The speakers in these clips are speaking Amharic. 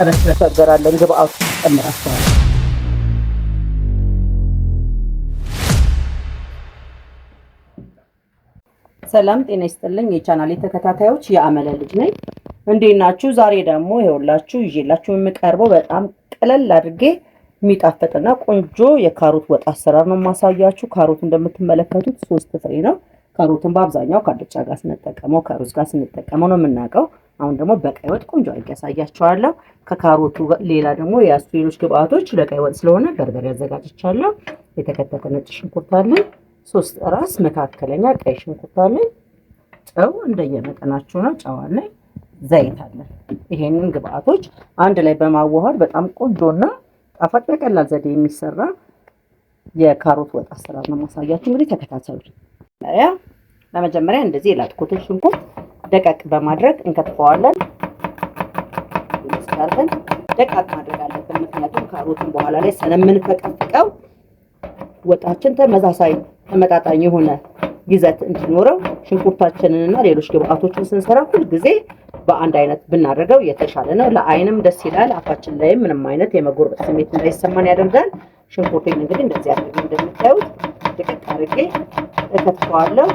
አነስነሳገራለን ግብአቱ ጨምራቸዋል። ሰላም ጤና ይስጥልኝ የቻናሌ ተከታታዮች፣ የአመለ ልጅ ነኝ። እንዴት ናችሁ? ዛሬ ደግሞ ይኸውላችሁ ይዤላችሁ የምቀርበው በጣም ቀለል አድርጌ የሚጣፍጥና ቆንጆ የካሮት ወጥ አሰራር ነው የማሳያችሁ። ካሮት እንደምትመለከቱት ሶስት ፍሬ ነው ካሮትን በአብዛኛው ከአልጫ ጋር ስንጠቀመው ከሩዝ ጋር ስንጠቀመው ነው የምናውቀው። አሁን ደግሞ በቀይ ወጥ ቆንጆ አድርጌ ያሳያቸዋለሁ። ከካሮቱ ሌላ ደግሞ የያዙ ሌሎች ግብአቶች ለቀይ ወጥ ስለሆነ በርበሬ አዘጋጅቻለሁ። የተከተፈ ነጭ ሽንኩርት አለኝ፣ ሶስት ራስ መካከለኛ ቀይ ሽንኩርት አለኝ። ጨው እንደየመጠናችሁ ነው፣ ጨው አለኝ፣ ዘይት አለን። ይሄንን ግብአቶች አንድ ላይ በማዋሃድ በጣም ቆንጆና ጣፋጭ በቀላል ዘዴ የሚሰራ የካሮት ወጥ አሰራር ነው ማሳያችሁ። እንግዲህ ተከታተሉ። በመጀመሪያ እንደዚህ የላጥኩትን ሽንኩርት ደቀቅ በማድረግ እንከትፈዋለን። እንስላለን ደቃቅ ማድረግ አለብን፣ ምክንያቱም ካሮቱን በኋላ ላይ ስለምንፈቀፍቀው ወጣችን ተመሳሳይ ተመጣጣኝ የሆነ ይዘት እንዲኖረው ሽንኩርታችንንና ሌሎች ግብአቶችን ስንሰራ ሁልጊዜ በአንድ አይነት ብናደርገው የተሻለ ነው። ለአይንም ደስ ይላል። አፋችን ላይም ምንም አይነት የመጎርበት ስሜት እንዳይሰማን ያደርጋል። ሽንኩርቴን እንግዲህ እንደዚህ አድርጌ እንደምታዩት ድቅቅ አድርጌ እከትፈዋለሁ።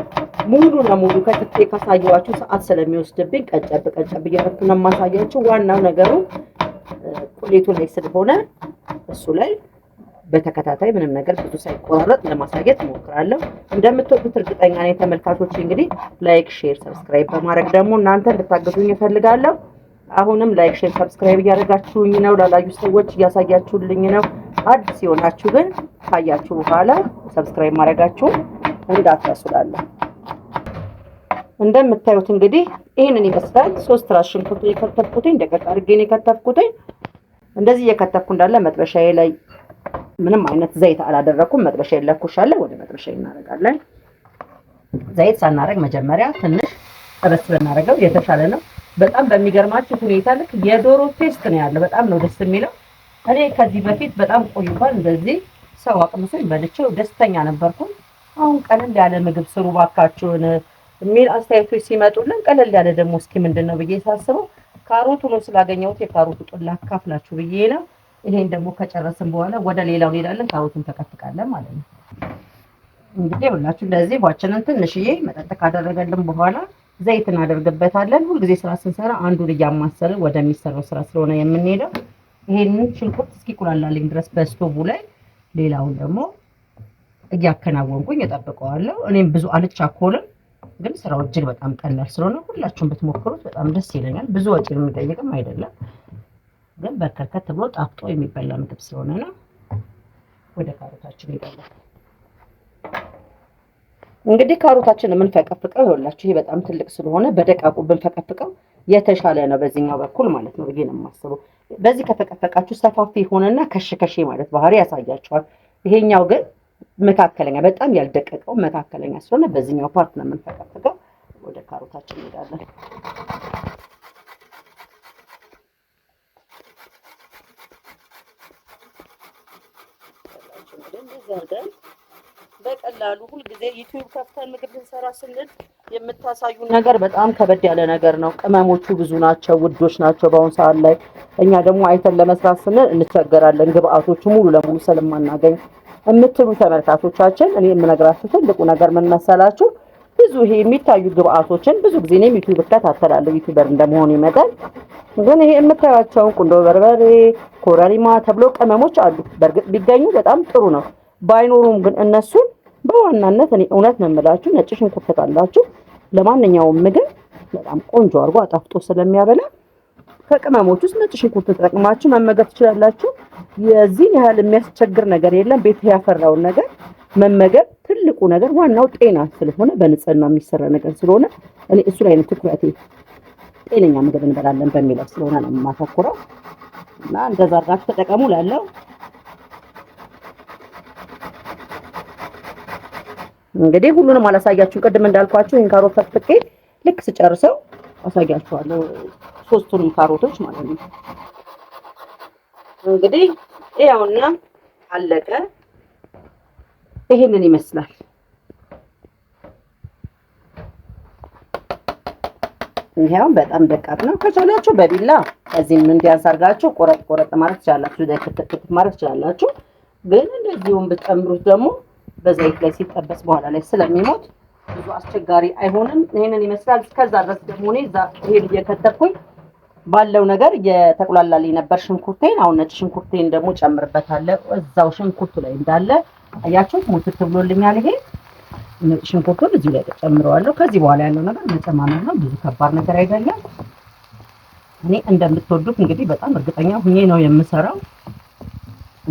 ሙሉ ለሙሉ ከትፌ ካሳየዋችሁ ሰዓት ስለሚወስድብኝ ቀጨብ ቀጨብ እያደረኩ ነው የማሳያችሁ። ዋናው ነገሩ ቁሌቱ ላይ ስለሆነ እሱ ላይ በተከታታይ ምንም ነገር ብዙ ሳይቆራረጥ ለማሳየት እሞክራለሁ። እንደምትወዱት እርግጠኛ ነኝ ተመልካቾች። እንግዲህ ላይክ፣ ሼር፣ ሰብስክራይብ በማድረግ ደግሞ እናንተ እንድታግዙኝ እፈልጋለሁ። አሁንም ላይክ፣ ሼር፣ ሰብስክራይብ እያደረጋችሁኝ ነው። ላላዩ ሰዎች እያሳያችሁልኝ ነው። አዲስ የሆናችሁ ግን ካያችሁ በኋላ ሰብስክራይብ ማድረጋችሁ እንዳትረሱላለሁ። እንደምታዩት እንግዲህ ይህንን ይመስላል። ሶስት ትራስ ሽንኩርት የከተፍኩትኝ ደቀቅ አድርጌ ነው የከተፍኩትኝ። እንደዚህ እየከተፍኩ እንዳለ መጥበሻዬ ላይ ምንም አይነት ዘይት አላደረኩም። መጥበሻ ለኩሻለሁ። ወደ መጥበሻ እናደርጋለን። ዘይት ሳናደርግ መጀመሪያ ትንሽ ጠበስ ብናደርገው የተሻለ ነው። በጣም በሚገርማችሁ ሁኔታ ልክ የዶሮ ፔስት ነው ያለው። በጣም ነው ደስ የሚለው። እኔ ከዚህ በፊት በጣም ቆይቷል እንደዚህ ሰው አቅምሶኝ በልቼው ደስተኛ ነበርኩኝ። አሁን ቀለል ያለ ምግብ ስሩ ባካችሁን የሚል አስተያየቶች ሲመጡልን ቀለል ያለ ደግሞ እስኪ ምንድን ነው ብዬ ሳስበው ካሮቱ ነው ስላገኘሁት የካሮቱ ጡላ አካፍላችሁ ብዬ ነው። ይሄን ደግሞ ከጨረስን በኋላ ወደ ሌላው እንሄዳለን። ካሮቱን ተቀጥቃለን ማለት ነው። እንግዲህ ሁላችሁ እንደዚህ ቧችንን ትንሽዬ መጠጥ ካደረገልን በኋላ ዘይት እናደርግበታለን። ሁልጊዜ ስራ ስንሰራ አንዱን እያማሰልን ወደሚሰራው ስራ ስለሆነ የምንሄደው ይሄንን ሽንኩርት እስኪቁላላልኝ ድረስ በስቶቡ ላይ ሌላውን ደግሞ እያከናወንኩኝ እጠብቀዋለሁ። እኔም ብዙ አልቻኮልም፣ ግን ስራው እጅግ በጣም ቀላል ስለሆነ ሁላችሁም ብትሞክሩት በጣም ደስ ይለኛል። ብዙ ወጪ የሚጠይቅም አይደለም፣ ግን በርከከት ብሎ ጣፍጦ የሚበላ ምግብ ስለሆነ ነው። ወደ ካሮታችን ይገባል። እንግዲህ ካሮታችን የምንፈቀፍቀው ይኸውላችሁ፣ ይሄ በጣም ትልቅ ስለሆነ በደቃቁ ብንፈቀፍቀው የተሻለ ነው፣ በዚህኛው በኩል ማለት ነው ብዬ ነው የማስበው። በዚህ ከፈቀፈቃችሁ ሰፋፊ ይሆንና ከሽከሽ ማለት ባህሪ ያሳያቸዋል። ይሄኛው ግን መካከለኛ፣ በጣም ያልደቀቀው መካከለኛ ስለሆነ በዚህኛው ፓርት ነው የምንፈቀፍቀው። ወደ ካሮታችን እንሄዳለን። እንደዚህ አድርገን በቀላሉ ሁልጊዜ ዩቲዩብ ከፍተን ምግብ ልንሰራ ስንል የምታሳዩ ነገር በጣም ከበድ ያለ ነገር ነው። ቅመሞቹ ብዙ ናቸው፣ ውዶች ናቸው በአሁኑ ሰዓት ላይ። እኛ ደግሞ አይተን ለመስራት ስንል እንቸገራለን፣ ግብአቶቹ ሙሉ ለሙሉ ስለማናገኝ የምትሉ ተመልካቾቻችን፣ እኔ የምነግራችሁ ትልቁ ነገር ምን መሰላችሁ? ብዙ ይሄ የሚታዩ ግብአቶችን ብዙ ጊዜ እኔም ዩቲዩብ እከታተላለሁ ዩቲዩበር እንደመሆን ይመጣል። ግን ይሄ የምታዩቸውን ቁንዶ በርበሬ፣ ኮረሪማ ተብሎ ቅመሞች አሉ። በእርግጥ ቢገኙ በጣም ጥሩ ነው። ባይኖሩም ግን እነሱን በዋናነት እኔ እውነት ነው የምላችሁ ነጭ ሽንኩርት ካላችሁ ለማንኛውም ምግብ በጣም ቆንጆ አድርጎ አጣፍጦ ስለሚያበላ ከቅመሞች ውስጥ ነጭ ሽንኩርት ተጠቅማችሁ መመገብ ትችላላችሁ። የዚህን ያህል የሚያስቸግር ነገር የለም። ቤት ያፈራውን ነገር መመገብ ትልቁ ነገር ዋናው ጤና ስለሆነ በንጽህና የሚሰራ ነገር ስለሆነ እኔ እሱ ላይ ነው ትኩረቴ። ጤነኛ ምግብ እንበላለን በሚለው ስለሆነ ነው የማተኩረው እና እንደዛ አድርጋችሁ ተጠቀሙ ላለው እንግዲህ ሁሉንም አላሳያችሁም። ቅድም እንዳልኳችሁ ይህን ካሮት ፈትፍቄ ልክ ስጨርሰው አሳያችኋለሁ። ሶስቱንም ካሮቶች ማለት ነው። እንግዲህ ያውና አለቀ። ይሄንን ይመስላል። ይሄው በጣም ደቃቅ ነው። ከቻላችሁ በቢላ እዚህም እንዲያንስ አድርጋችሁ ቆረጥ ቆረጥ ማለት ትችላላችሁ። ክትፍ ማለት ትችላላችሁ። ግን እንደዚሁም ብትጨምሩት ደግሞ በዘይት ላይ ሲጠበስ በኋላ ላይ ስለሚሞት ብዙ አስቸጋሪ አይሆንም። ይሄንን ይመስላል። እስከዛ ድረስ ደግሞ እኔ እዛ ሄድ እየከተፍኩኝ ባለው ነገር የተቁላላልኝ ነበር ሽንኩርቴን። አሁን ነጭ ሽንኩርቴን ደግሞ ጨምርበታለሁ እዛው ሽንኩርቱ ላይ እንዳለ አያችሁት፣ ሙትት ብሎልኛል። ይሄ ነጭ ሽንኩርቱን እዚህ ላይ ጨምረዋለሁ። ከዚህ በኋላ ያለው ነገር መጨማመር ነው፣ ብዙ ከባድ ነገር አይደለም። እኔ እንደምትወዱት እንግዲህ በጣም እርግጠኛ ሁኜ ነው የምሰራው።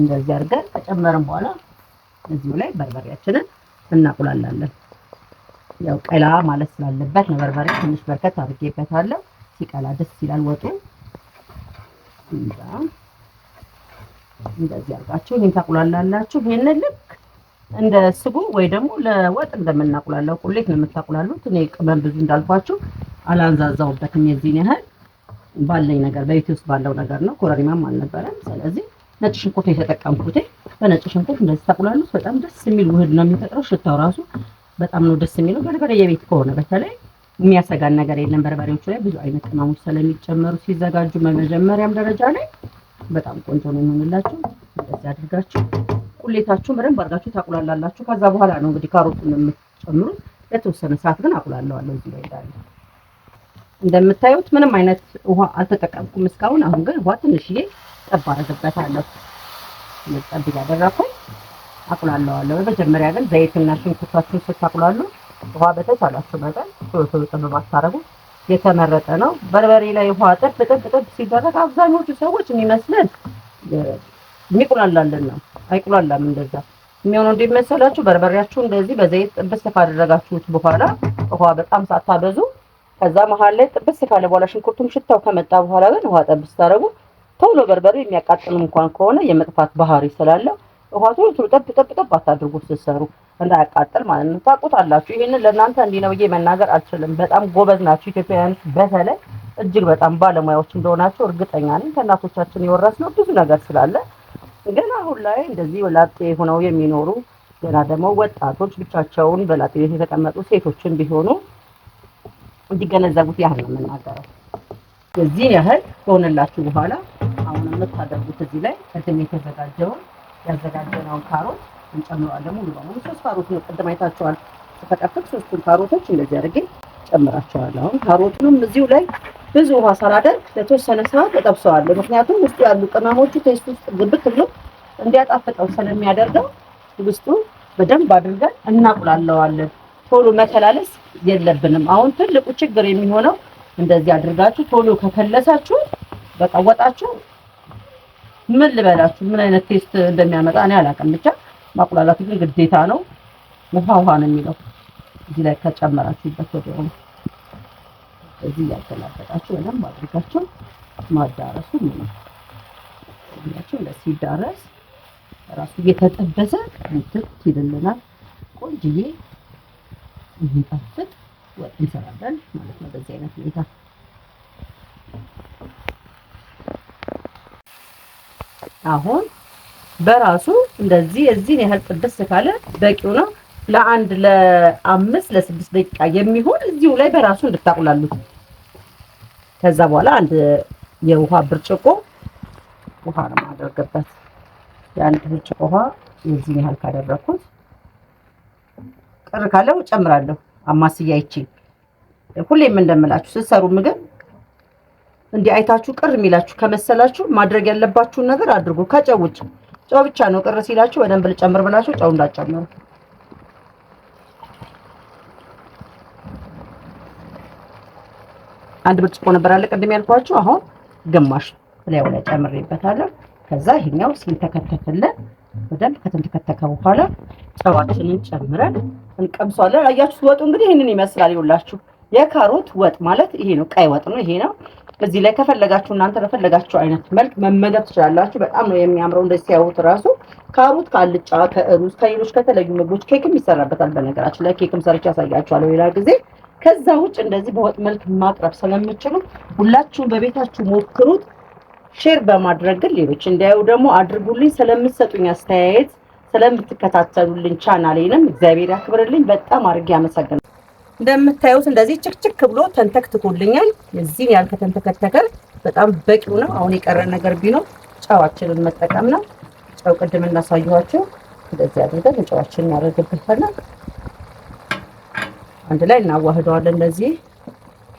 እንደዚህ አድርገን ከጨመርን በኋላ እዚሁ ላይ በርበሬያችንን እናቁላላለን። ያው ቀላ ማለት ስላለበት ነው በርበሬ ትንሽ በርከት አድርጌበታለሁ። ሲቀላ ደስ ይላል ወጡ። እንደዚህ አድርጋችሁ ይሄን ታቁላላላችሁ። ይሄንን ልክ እንደ ስጉ ወይ ደግሞ ለወጥ እንደምናቁላለው ቁሌት ነው የምታቁላሉት። እኔ ቅመም ብዙ እንዳልኳችሁ አላንዛዛውበትም የዚህን ያህል ባለኝ ነገር በቤት ውስጥ ባለው ነገር ነው። ኮረሪማም አልነበረም። ስለዚህ ነጭ ሽንኩርት የተጠቀምኩት በነጭ ሽንኩርት እንደዚህ ተቁላሉት። በጣም ደስ የሚል ውህድ ነው የሚፈጥረው። ሽታው ራሱ በጣም ነው ደስ የሚለው። በርበሬ የቤት ከሆነ በተለይ የሚያሰጋን ነገር የለም። በርበሬዎቹ ላይ ብዙ አይነት ቅመሞች ስለሚጨመሩ ሲዘጋጁ በመጀመሪያም ደረጃ ላይ በጣም ቆንጆ ነው የሚሆንላችሁ። እንደዚህ አድርጋችሁ ቁሌታችሁን በደንብ አድርጋችሁ ታቁላላላችሁ። ከዛ በኋላ ነው እንግዲህ ካሮቱን የምትጨምሩት። ለተወሰነ ሰዓት ግን አቁላለዋለሁ እዚህ ላይ ዳለ እንደምታዩት ምንም አይነት ውሃ አልተጠቀምኩም እስካሁን። አሁን ግን ውሃ ትንሽዬ ጠብ አደርግበታለሁ። ጠብ እያደረኩኝ አቁላለዋለሁ። በመጀመሪያ ግን ዘይትና ሽንኩርታችሁን ስታቁላሉ ውሃ በተቻላችሁ መጠን ቶሎ ቶሎ ጥብ ማታረጉ የተመረጠ ነው። በርበሬ ላይ ውሃ ጥብ ጥብ ጥብ ሲደረግ አብዛኞቹ ሰዎች የሚመስለን የሚቁላላልን ነው። አይቁላላም እንደዛ የሚሆነው እንደሚመሰላችሁ በርበሬያችሁ እንደዚህ በዘይት ጥብስ ካደረጋችሁት በኋላ ውሃ በጣም ሳታበዙ ከዛ መሀል ላይ ጥብስ ካለ በኋላ ሽንኩርቱም ሽታው ከመጣ በኋላ ግን ውሃ ጠብስ ታደረጉ ቶሎ በርበሬ የሚያቃጥል እንኳን ከሆነ የመጥፋት ባህሪ ስላለው ውሃ ቶሎ ቶሎ ጠብ ጠብ ጠብ አታድርጉት ስትሰሩ እንዳያቃጥል ማለት ነው። ታውቁታላችሁ። ይህንን ለእናንተ እንዲህ ነው ብዬ መናገር አልችልም። በጣም ጎበዝ ናችሁ ኢትዮጵያውያኖች፣ በተለይ እጅግ በጣም ባለሙያዎች እንደሆናቸው እርግጠኛ ነኝ። ከእናቶቻችን የወረስነው ብዙ ነገር ስላለ ግን አሁን ላይ እንደዚህ ወላጤ ሆነው የሚኖሩ ገና ደግሞ ወጣቶች ብቻቸውን በላጤ ቤት የተቀመጡ ሴቶችን ቢሆኑ እንዲገነዘቡት ያህል ነው የምናገረው። የዚህን ያህል ከሆነላችሁ በኋላ ነው የምታደርጉት። እዚህ ላይ ቅድም የተዘጋጀውን ያዘጋጀነውን ካሮት እንጨምረዋለን። ሙሉ በሙሉ ሶስት ካሮት ነው ቅድም አይታችኋል። ተፈቀፍቅ ሶስቱን ካሮቶች እንደዚህ አድርጌ ጨምራቸዋለሁ። አሁን ካሮቱንም እዚሁ ላይ ብዙ ውሃ ሳላደርግ ለተወሰነ ሰዓት እጠብሰዋለሁ። ምክንያቱም ውስጡ ያሉ ቅመሞቹ ቴስት ውስጥ ግብት ብሎ እንዲያጣፍጠው ስለሚያደርገው ውስጡ በደንብ አድርገን እናቁላለዋለን። ቶሎ መከላለስ የለብንም። አሁን ትልቁ ችግር የሚሆነው እንደዚህ አድርጋችሁ ቶሎ ከከለሳችሁ በቃ ወጣችሁ ምን ልበላችሁ፣ ምን አይነት ቴስት እንደሚያመጣ እኔ አላውቅም። ብቻ ማቁላላት ግን ግዴታ ነው። ውሃ ውሃ ነው የሚለው እዚህ ላይ ከጨመራችሁበት ወዲያው ነው። እዚህ ያገላበጣችሁ በደንብ አድርጋችሁ ማዳረሱ ነው ያችሁ። ሲዳረስ ራሱ እየተጠበሰ እንትት ይልልናል። ቆንጅዬ የሚጣፍጥ ወጥ እንሰራለን ማለት ነው በዚህ አይነት ሁኔታ አሁን በራሱ እንደዚህ የዚህን ያህል ጥብስ ካለ በቂው ነው። ለአንድ ለአምስት ለስድስት ደቂቃ የሚሆን እዚሁ ላይ በራሱ እንድታቁላሉት። ከዛ በኋላ አንድ የውሃ ብርጭቆ ውሃ ነው የማደርግበት። የአንድ ብርጭቆ ውሃ የዚህን ያህል ካደረኩት ቅር ካለው አማስያ ይቺ ሁሌም እንደምላችሁ ስትሰሩ ምግብ እንዲህ አይታችሁ ቅር የሚላችሁ ከመሰላችሁ ማድረግ ያለባችሁን ነገር አድርጉ። ከጨው ውጭ ጨው ብቻ ነው ቅር ሲላችሁ በደንብ ልጨምር ብላችሁ ጨው እንዳጨምሩ። አንድ ብርጭቆ ነበር አለ ቅድም ያልኳችሁ። አሁን ግማሽ ላዩ ላይ ጨምሬበታለሁ። ከዛ ይሄኛው ሲንተከተክልን በደንብ ከተንተከተከ በኋላ ጨዋችንን ጨምረን እንቀምሷለን። አያችሁት? ወጡ እንግዲህ ይህንን ይመስላል። ይውላችሁ የካሮት ወጥ ማለት ይሄ ነው። ቀይ ወጥ ነው ይሄ ነው። እዚህ ላይ ከፈለጋችሁ እናንተ በፈለጋችሁ አይነት መልክ መመገብ ትችላላችሁ። በጣም ነው የሚያምረው። እንደዚህ ሲያዩት ራሱ ከሩት ከአልጫ ከሩዝ ከሌሎች ከተለዩ ምግቦች ኬክም ይሰራበታል። በነገራችን ላይ ኬክም ሰርቼ ያሳያችኋለሁ ሌላ ጊዜ። ከዛ ውጭ እንደዚህ በወጥ መልክ ማቅረብ ስለምችሉ ሁላችሁም በቤታችሁ ሞክሩት። ሼር በማድረግ ግን ሌሎች እንዲያዩ ደግሞ አድርጉልኝ። ስለምትሰጡኝ አስተያየት፣ ስለምትከታተሉልኝ ቻናሌንም እግዚአብሔር ያክብርልኝ። በጣም አድርጌ አመሰግናለሁ። እንደምታዩት እንደዚህ ችክችክ ብሎ ተንተክትኮልኛል። የዚህን ያህል ከተንተከተከ በጣም በቂው ነው። አሁን የቀረ ነገር ቢኖር ጨዋችንን መጠቀም ነው። ጨው ቅድም እናሳየኋችሁ። እንደዚህ አድርገን ጨዋችን እናደርግበታለን። አንድ ላይ እናዋህደዋለን። እንደዚህ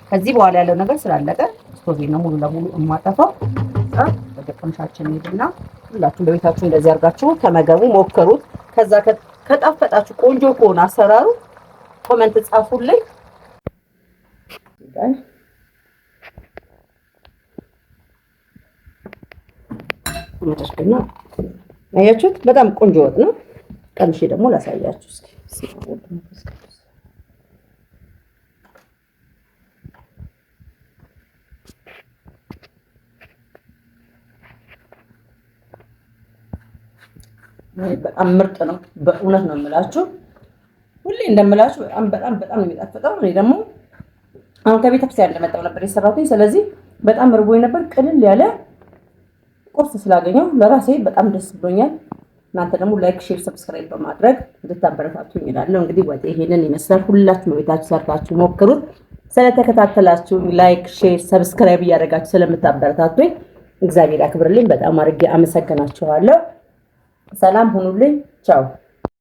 ከዚህ በኋላ ያለው ነገር ስላለቀ ስቶቪ ነው ሙሉ ለሙሉ የማጠፋው። በቀምሻችን ሄድና ሁላችሁ በቤታችሁ እንደዚህ አድርጋችሁ ተመገቡ፣ ሞክሩት። ከዛ ከጣፈጣችሁ ቆንጆ ከሆነ አሰራሩ ኮመንት ጻፉልኝ። አያችሁት? በጣም ቆንጆ ወጥ ነው። ቀምሼ ደግሞ ላሳያችሁ እስኪ በጣም ምርጥ ነው። በእውነት ነው የምላችሁ። እንደምላችሁ በጣም በጣም በጣም ነው የሚጣፍጠው። እኔ ደግሞ አሁን ከቤተክርስቲያን እንደመጣሁ ነበር የሰራሁትኝ። ስለዚህ በጣም እርቦኝ ነበር። ቅልል ያለ ቁርስ ስላገኘው ለራሴ በጣም ደስ ብሎኛል። እናንተ ደግሞ ላይክ፣ ሼር፣ ሰብስክራይብ በማድረግ እንድታበረታቱ ይላለው። እንግዲህ ወጥ ይሄንን ይመስላል። ሁላችሁ በቤታችሁ ሰርታችሁ ሞክሩት። ስለተከታተላችሁ ላይክ፣ ሼር፣ ሰብስክራይብ እያደረጋችሁ ስለምታበረታቱኝ እግዚአብሔር ያክብርልኝ። በጣም አድርጌ አመሰግናችኋለሁ። ሰላም ሁኑልኝ። ቻው